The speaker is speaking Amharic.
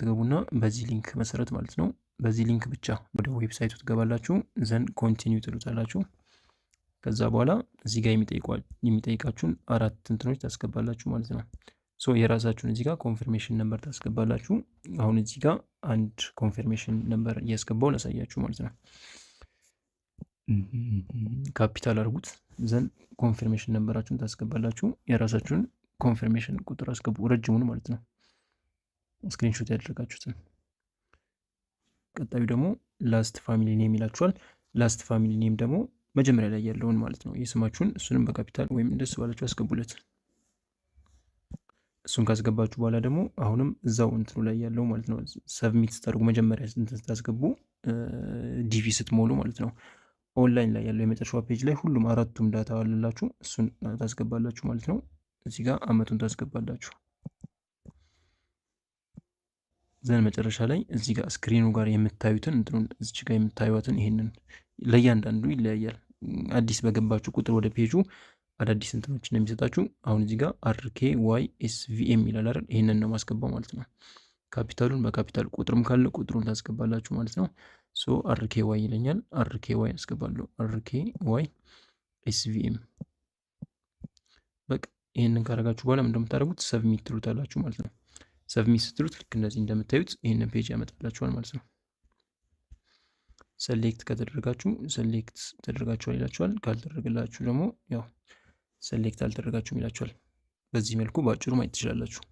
ትገቡና በዚህ ሊንክ መሰረት ማለት ነው በዚህ ሊንክ ብቻ ወደ ዌብሳይቱ ትገባላችሁ። ዘን ኮንቲኒው ትሉታላችሁ። ከዛ በኋላ እዚህ ጋር የሚጠይቃችሁን አራት እንትኖች ታስገባላችሁ ማለት ነው። ሶ የራሳችሁን እዚህ ጋር ኮንፊርሜሽን ነንበር ታስገባላችሁ። አሁን እዚህ ጋር አንድ ኮንፊርሜሽን ነንበር እያስገባውን ያሳያችሁ ማለት ነው። ካፒታል አድርጉት። ዘን ኮንፊርሜሽን ነንበራችሁን ታስገባላችሁ። የራሳችሁን ኮንፊርሜሽን ቁጥር አስገቡ፣ ረጅሙን ማለት ነው። ስክሪንሾት ያደረጋችሁትን። ቀጣዩ ደግሞ ላስት ፋሚሊ ኔም ይላችኋል። ላስት ፋሚሊ ኔም ደግሞ መጀመሪያ ላይ ያለውን ማለት ነው የስማችሁን። እሱንም በካፒታል ወይም ደስ ባላችሁ አስገቡለት። እሱን ካስገባችሁ በኋላ ደግሞ አሁንም እዛው እንትኑ ላይ ያለው ማለት ነው ሰብሚት ስታደርጉ መጀመሪያ ስታስገቡ ዲቪ ስትሞሉ ማለት ነው ኦንላይን ላይ ያለው የመጨረሻው ፔጅ ላይ ሁሉም አራቱም ዳታ አለላችሁ። እሱን ታስገባላችሁ ማለት ነው። እዚህ ጋር አመቱን ታስገባላችሁ። ዘን መጨረሻ ላይ እዚህ ጋር ስክሪኑ ጋር የምታዩትን እንትኑን እዚች ጋር የምታዩትን ይሄንን ለእያንዳንዱ ይለያያል። አዲስ በገባችሁ ቁጥር ወደ ፔጁ አዳዲስ እንትኖችን የሚሰጣችሁ። አሁን እዚህ ጋር አርኬ ዋይ ኤስቪኤም ቪኤም ይላል አይደል? ይሄንን ነው ማስገባው ማለት ነው። ካፒታሉን በካፒታል ቁጥርም ካለ ቁጥሩን ታስገባላችሁ ማለት ነው። ሶ አርኬ ዋይ ይለኛል። አርኬ ዋይ አስገባለሁ። አርኬ ዋይ ኤስቪኤም በቃ ይህንን ካረጋችሁ በኋላ እንደምታደርጉት ሰብሚት ትሉታላችሁ ማለት ነው። ሰብሚት ስትሉት ልክ እንደዚህ እንደምታዩት ይህንን ፔጅ ያመጣላችኋል ማለት ነው። ሰሌክት ከተደረጋችሁ ሰሌክት ተደረጋችኋል ይላችኋል። ካልተደረገላችሁ ደግሞ ያው ሰሌክት አልተደረጋችሁም ይላችኋል። በዚህ መልኩ በአጭሩ ማየት ትችላላችሁ።